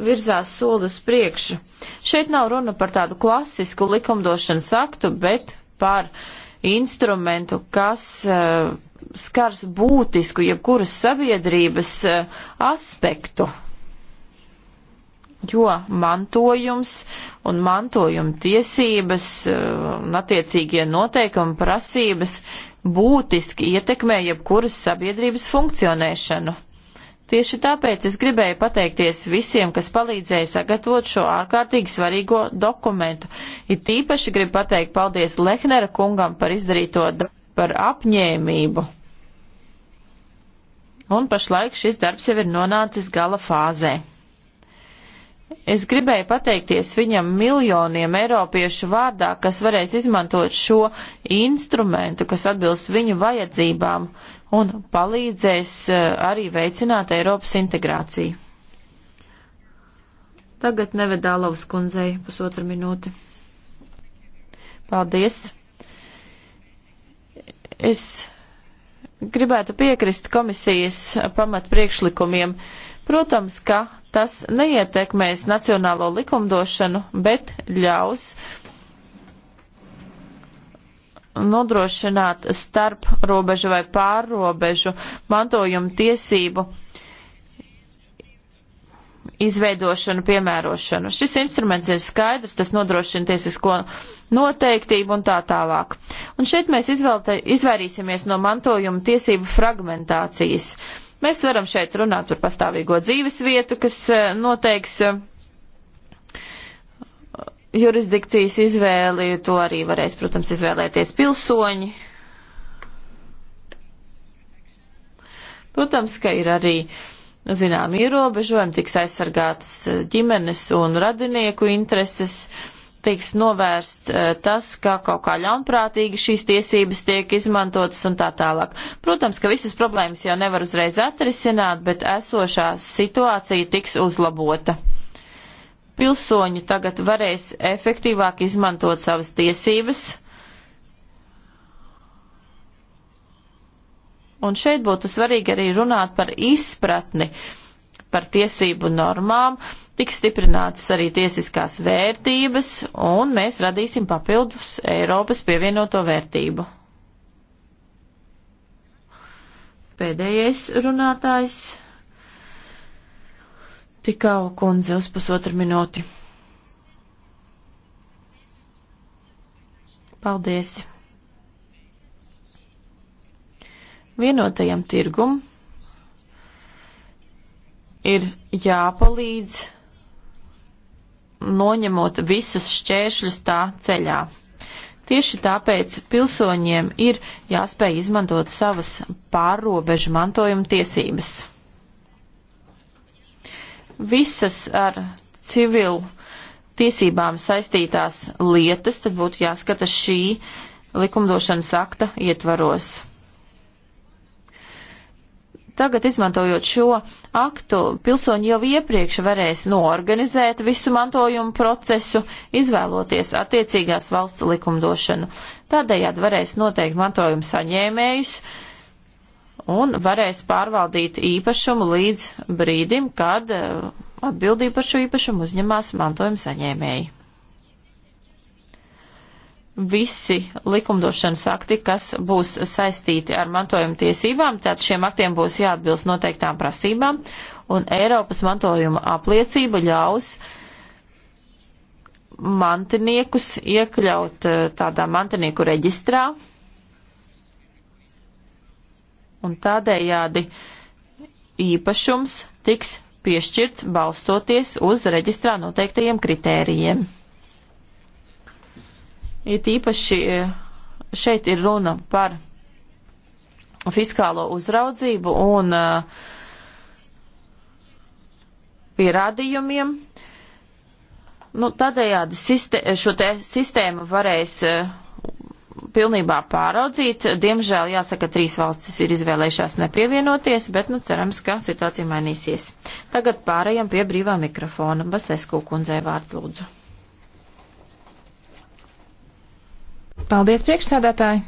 virzās soli uz priekšu. Šeit nav runa par tādu klasisku likumdošanas aktu, bet par instrumentu, kas uh, skars būtisku jebkuras sabiedrības uh, aspektu jo mantojums un mantojuma tiesības eh, un attiecīgie noteikumi prasības būtiski ietekmē jebkuras sabiedrības funkcionēšanu. Tieši tāpēc es gribēju pateikties visiem, kas palīdzēja sagatavot šo ārkārtīgi svarīgo dokumentu. It īpaši gribu pateikt paldies Lehnera kungam par izdarīto par apņēmību. Un pašlaik šis darbs jau ir nonācis gala fāzē. Es gribēju pateikties viņam miljoniem eiropiešu vārdā, kas varēs izmantot šo instrumentu, kas atbilst viņu vajadzībām un palīdzēs eh, arī veicināt Eiropas integrāciju. Tagad Nevedālovas kundzei pusotra minūte. Paldies. Es gribētu piekrist komisijas pamat priekšlikumiem. Protams, ka tas neietekmēs nacionālo likumdošanu, bet ļaus nodrošināt starp robežu vai pārrobežu mantojumu tiesību izveidošanu, piemērošanu. Šis instruments ir skaidrs, tas nodrošina tiesisko noteiktību un tā tālāk. Un šeit mēs izvēlta, izvairīsimies no mantojuma tiesību fragmentācijas. Uh, Mēs varam šeit runāt par pastāvīgo dzīves vietu, kas e, noteiks e, jurisdikcijas izvēli, to arī varēs, protams, izvēlēties pilsoņi. Protams, ka ir arī zinām ierobežojumi, tiks aizsargātas ģimenes un radinieku intereses. Uh, tiks novērsts eh, tas, ka kaut kā ļaunprātīgi šīs tiesības tiek izmantotas un tā tālāk. Protams, ka visas problēmas jau nevar uzreiz atrisināt, bet esošā situācija tiks uzlabota. Pilsoņi tagad varēs efektīvāk izmantot savas tiesības. Un šeit būtu svarīgi arī runāt par izpratni, par tiesību normām, tiks stiprinātas arī tiesiskās vērtības, un mēs radīsim papildus Eiropas pievienoto vērtību. Pēdējais runātājs tikau kundze uz pusotru minūti. Paldies! Vienotajam tirgum ir jāpalīdz noņemot visus šķēršļus tā ceļā. Tieši tāpēc pilsoņiem ir jāspēj izmantot savas pārrobežu mantojuma tiesības. Visas ar civilu tiesībām saistītās lietas, tad būtu jāskata šī likumdošanas akta ietvaros tagad izmantojot šo aktu, pilsoņi jau iepriekš varēs noorganizēt visu mantojumu procesu, izvēloties attiecīgās valsts likumdošanu. Tādējādi varēs noteikt mantojumu saņēmējus un varēs pārvaldīt īpašumu līdz brīdim, kad atbildību par šo īpašumu uzņemās mantojuma saņēmēji visi likumdošanas akti, kas būs saistīti ar mantojuma tiesībām, tad šiem aktiem būs jāatbilst noteiktām prasībām, un Eiropas mantojuma apliecība ļaus mantiniekus iekļaut eh, tādā mantinieku reģistrā, un tādējādi īpašums tiks piešķirts balstoties uz reģistrā noteiktajiem kritērijiem. It īpaši e, šeit ir runa par fiskālo uzraudzību un e, pierādījumiem. Nu, tādējādi sistē, šo te sistēmu varēs e, pilnībā pāraudzīt. Diemžēl, jāsaka, trīs valstis ir izvēlējušās nepievienoties, bet nu cerams, ka situācija mainīsies. Tagad pārējām pie brīvā mikrofona. Basesku kundzei vārds lūdzu. Paldies, priekšsādātāji!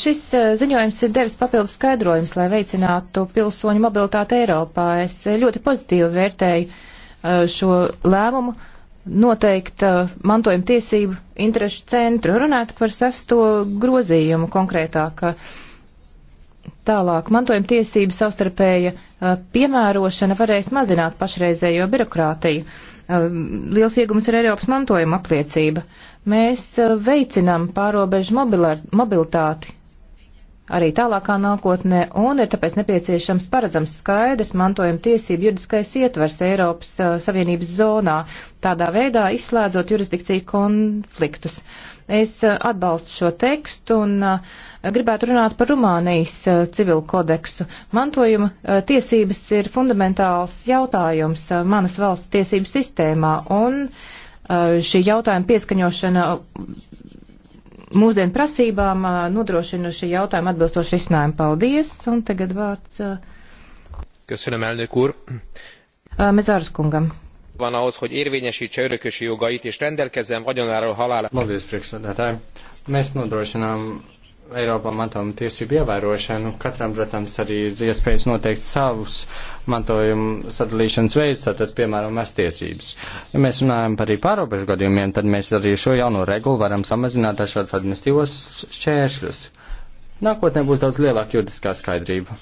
Šis ziņojums ir devis papildus skaidrojums, lai veicinātu pilsoņu mobilitāti Eiropā. Es ļoti pozitīvi vērtēju šo lēmumu noteikt mantojuma tiesību interešu centru. Runāt par sesto grozījumu konkrētāk. Ka Tālāk, mantojuma tiesību savstarpēja uh, piemērošana varēs mazināt pašreizējo birokrātiju. Uh, liels iegums ir Eiropas mantojuma apliecība. Mēs uh, veicinām pārobežu mobilitāti arī tālākā nākotnē, un ir tāpēc nepieciešams paredzams skaidrs mantojuma tiesību juridiskais ietvers Eiropas uh, Savienības zonā, tādā veidā izslēdzot jurisdikciju konfliktus. Es eh, atbalstu šo tekstu un eh, gribētu runāt par Rumānijas eh, civilu kodeksu. Mantojuma tiesības ir fundamentāls jautājums manas valsts tiesību sistēmā, un šī jautājuma pieskaņošana mūsdienu prasībām nodrošina šī jautājuma atbilstoši izcinājumu. Paldies, un tagad vārds. Köszönöm, elnök úr. Mezárs kungam van ahhoz, hogy érvényesítse örökösi jogait és rendelkezzen vagyonáról halála. Paldies, priekšsēdētāji. Mēs nodrošinām Eiropā mantojuma tiesību ievērošanu. Katram, protams, arī ir iespējas noteikt savus mantojuma sadalīšanas veidus, tātad, piemēram, mēs tiesības. Ja mēs runājam par pārobežu gadījumiem, tad mēs arī šo jauno regulu varam samazināt dažādas administratīvos šķēršļus. Nākotnē būs daudz lielāka juridiskā skaidrība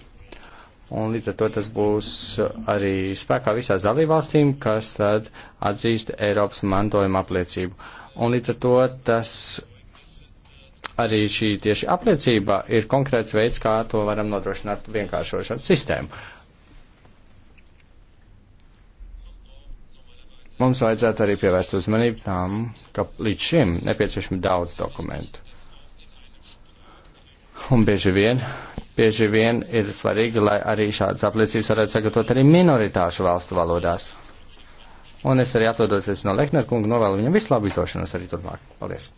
un līdz ar to tas būs arī spēkā visās dalībvalstīm, kas tad atzīst Eiropas mantojuma apliecību. Un līdz ar to tas arī šī tieši apliecība ir konkrēts veids, kā to varam nodrošināt vienkāršošanas sistēmu. Mums vajadzētu arī pievērst uzmanību tam, ka līdz šim nepieciešami daudz dokumentu. Un bieži vien bieži vien ir svarīgi, lai arī šādas apliecības varētu sagatavot arī minoritāšu valstu valodās. Un es arī atvadoties no Lehner kunga novēlu viņam visu labu izdošanos arī turpmāk. Paldies!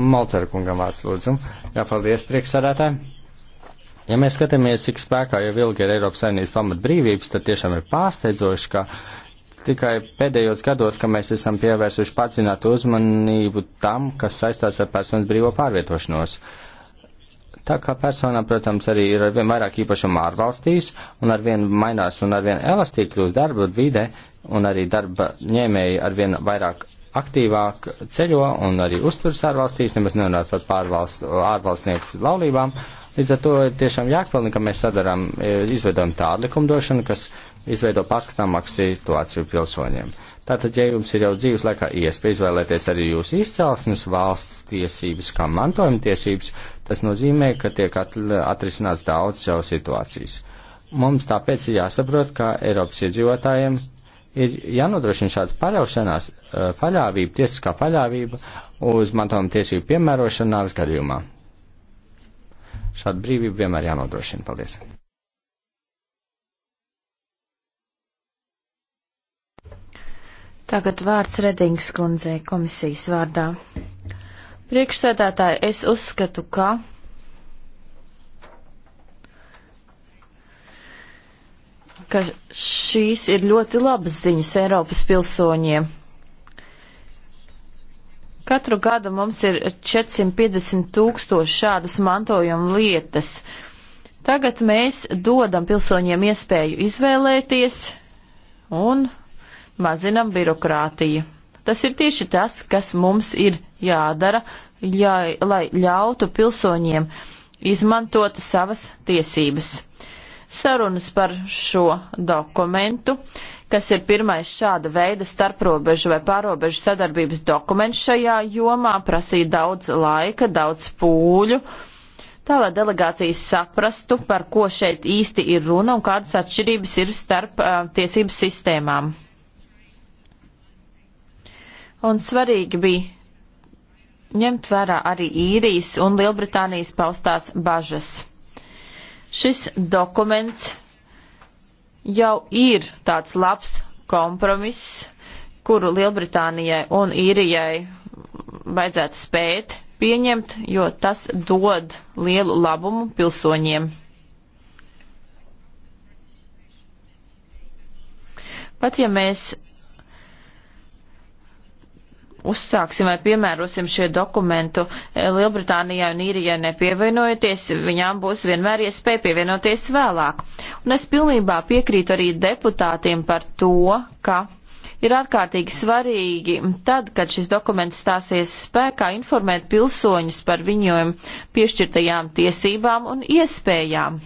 Malcer kungam vārds lūdzu. Jā, paldies priekšsādātājiem. Ja mēs skatāmies, cik spēkā jau ilgi ir Eiropas saimnības pamatbrīvības, tad tiešām ir pārsteidzoši, ka tikai pēdējos gados, ka mēs esam pievērsuši pacinātu uzmanību tam, kas saistās ar personas brīvo pārvietošanos. Tā kā personām, protams, arī ir arvien vairāk īpašumu ārvalstīs, un arvien mainās un arvien elastīgi kļūst darba vide, un arī darba ņēmēji arvien vairāk aktīvāk ceļo un arī uzturs ārvalstīs, nemaz nerunāt par pārvalstu, ārvalstnieku laulībām, uh, Līdz ar to ir tiešām jākvalina, ka mēs sadarām, e, izveidojam tādu likumdošanu, kas izveido paskatāmāku situāciju pilsoņiem. Tātad, ja jums ir jau dzīves laikā iespēja izvēlēties arī jūsu izcelsmes valsts tiesības, kā mantojuma tiesības, tas nozīmē, ka tiek atrisināts daudz jau situācijas. Mums tāpēc ir jāsaprot, ka Eiropas iedzīvotājiem ir jānodrošina šāds paļaušanās, e, paļāvība, tiesiskā paļāvība uz mantojuma tiesību piemērošanu nāves gadījumā. Šāda brīvība vienmēr jānodrošina. Paldies! Tagad vārds Redings kundzei komisijas vārdā. Priekšsēdētāji, es uzskatu, ka ka šīs ir ļoti labas ziņas Eiropas pilsoņiem. Katru gadu mums ir 450 tūkstoši šādas mantojuma lietas. Tagad mēs dodam pilsoņiem iespēju izvēlēties un mazinam birokrātiju. Tas ir tieši tas, kas mums ir jādara, jā, lai ļautu pilsoņiem izmantot savas tiesības. Sarunas par šo dokumentu kas ir pirmais šāda veida starprobežu vai pārobežu sadarbības dokuments šajā jomā, prasīja daudz laika, daudz pūļu, tā lai delegācijas saprastu, par ko šeit īsti ir runa un kādas atšķirības ir starp uh, tiesību sistēmām. Un svarīgi bija ņemt vērā arī īrijas un Lielbritānijas paustās bažas. Šis dokuments jau ir tāds labs kompromiss, kuru Lielbritānijai un Īrijai vajadzētu spēt pieņemt, jo tas dod lielu labumu pilsoņiem. Pat ja mēs uzsāksim vai piemērosim šo dokumentu eh, Lielbritānijai un Īrijai nepievienojoties, viņām būs vienmēr iespēja pievienoties vēlāk. Un es pilnībā piekrītu arī deputātiem par to, ka ir ārkārtīgi svarīgi tad, kad šis dokuments stāsies spēkā, informēt pilsoņus par viņiem piešķirtajām tiesībām un iespējām.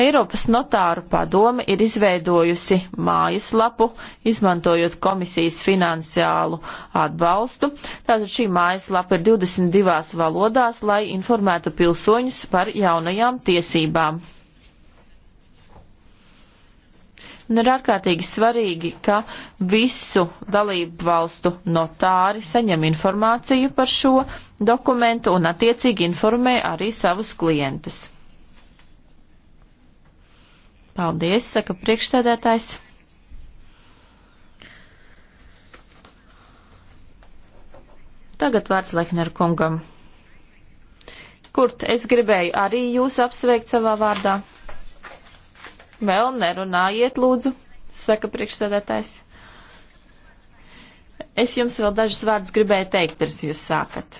Eiropas notāru padome ir izveidojusi mājaslapu, izmantojot komisijas finansiālu atbalstu. Tātad šī mājaslapa ir 22 valodās, lai informētu pilsoņus par jaunajām tiesībām. Un ir ārkārtīgi svarīgi, ka visu dalību valstu notāri saņem informāciju par šo dokumentu un attiecīgi informē arī savus klientus. Paldies, saka priekšsēdētājs. Tagad vārds Lehner kungam. Kurt, es gribēju arī jūs apsveikt savā vārdā. Vēl nerunājiet, lūdzu, saka priekšsēdētājs. Es jums vēl dažus vārdus gribēju teikt, pirms jūs sākat.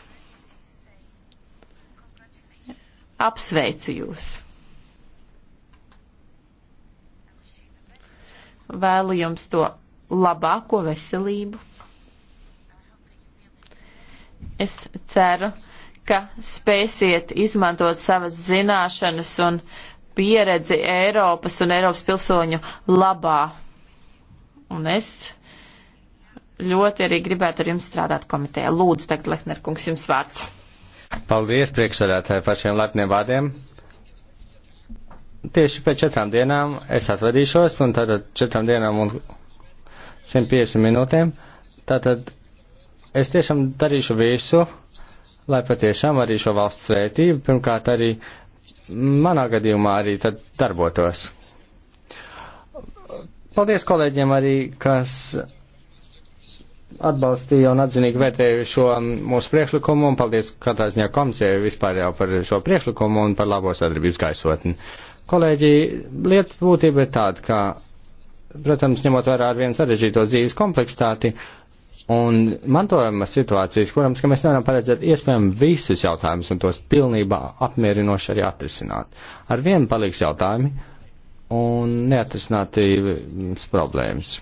Apsveicu jūs! Vēlu jums to labāko veselību. Es ceru, ka spēsiet izmantot savas zināšanas un pieredzi Eiropas un Eiropas pilsoņu labā. Un es ļoti arī gribētu ar jums strādāt komitejā. Lūdzu, tagad Lehner kungs, jums vārds. Paldies, priekšsēdētāji, par šiem lepniem vārdiem tieši pēc četrām dienām es atvadīšos, un tātad četrām dienām un 150 minūtēm. Tātad es tiešām darīšu visu, lai patiešām arī šo valsts svētību, pirmkārt arī manā gadījumā arī tad darbotos. Paldies kolēģiem arī, kas atbalstīja un atzinīgi vērtēja šo mūsu priekšlikumu, un paldies katrā ziņā komisijai vispār jau par šo priekšlikumu un par labo sadarbības gaisotni. Kolēģi, lieta būtība ir tāda, ka, protams, ņemot vērā ar vienu sarežģīto dzīves kompleksitāti un mantojuma situācijas, kurams, ka mēs nevaram paredzēt iespējami visus jautājumus un tos pilnībā apmierinoši arī atrisināt. Ar vienu paliks jautājumi un neatrisinātīvas problēmas.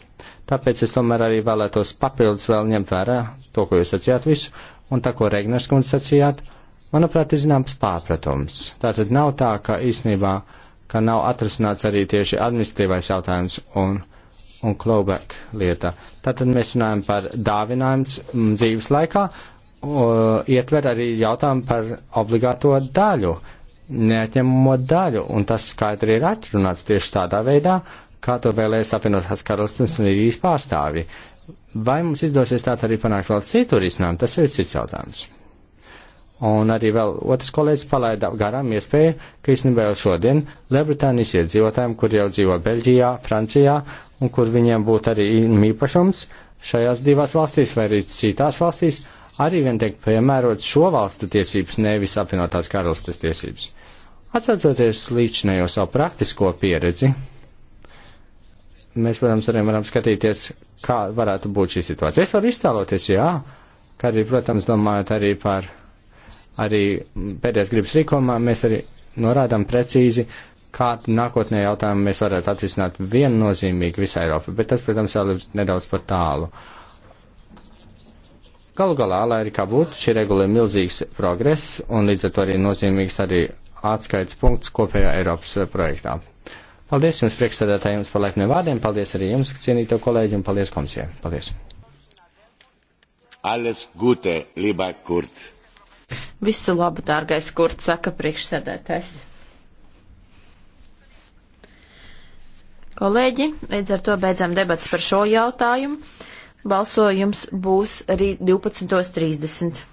Tāpēc es tomēr arī vēlētos papildus vēl ņemt vērā to, ko jūs sacījāt visu, un tā, ko Regners kundze sacījāt, manuprāt, ir zināms pārpratums. Tātad nav tā, ka īstenībā ka nav atrasināts arī tieši administratīvais jautājums un, un klobek lieta. Tātad mēs runājam par dāvinājums dzīves laikā, o, ietver arī jautājumu par obligāto daļu, neatņemamo daļu, un tas skaidri ir atrunāts tieši tādā veidā, kā to vēlēs apvienotās karalistas un īrijas pārstāvi. Vai mums izdosies tā arī panākt vēl citu risinājumu, tas ir cits jautājums. Un arī vēl otrs kolēģis palaida garām iespēju, ka īstenībā jau šodien Lielbritānijas iedzīvotājiem, kur jau dzīvo Beļģijā, Francijā, un kur viņiem būtu arī īpašums šajās divās valstīs vai arī citās valstīs, arī vien tiek piemērot šo valstu tiesības, nevis apvienotās karalistes tiesības. Atcaucoties līdzinējo savu praktisko pieredzi, mēs, protams, arī varam skatīties, kā varētu būt šī situācija. Es varu iztēloties, jā, kā arī, protams, domājot arī par arī pēdējais gribas rīkojumā mēs arī norādām precīzi, kādu nākotnē jautājumu mēs varētu atrisināt viennozīmīgi visā Eiropā, bet tas, protams, vēl ir nedaudz par tālu. Galu galā, lai arī kā būtu, šī regula ir milzīgs progress un līdz ar to arī nozīmīgs arī atskaits punkts kopējā Eiropas eh, projektā. Paldies jums, priekšsēdētāji, jums par laipniem vārdiem, paldies arī jums, cienīto kolēģi, un paldies komisijai. Paldies! Alles Gute, lieber Kurt! Visu labu, dārgais Kurt, saka priekšsēdētājs. Kolēģi, līdz ar to beidzam debats par šo jautājumu. Balsojums būs rīt 12.30.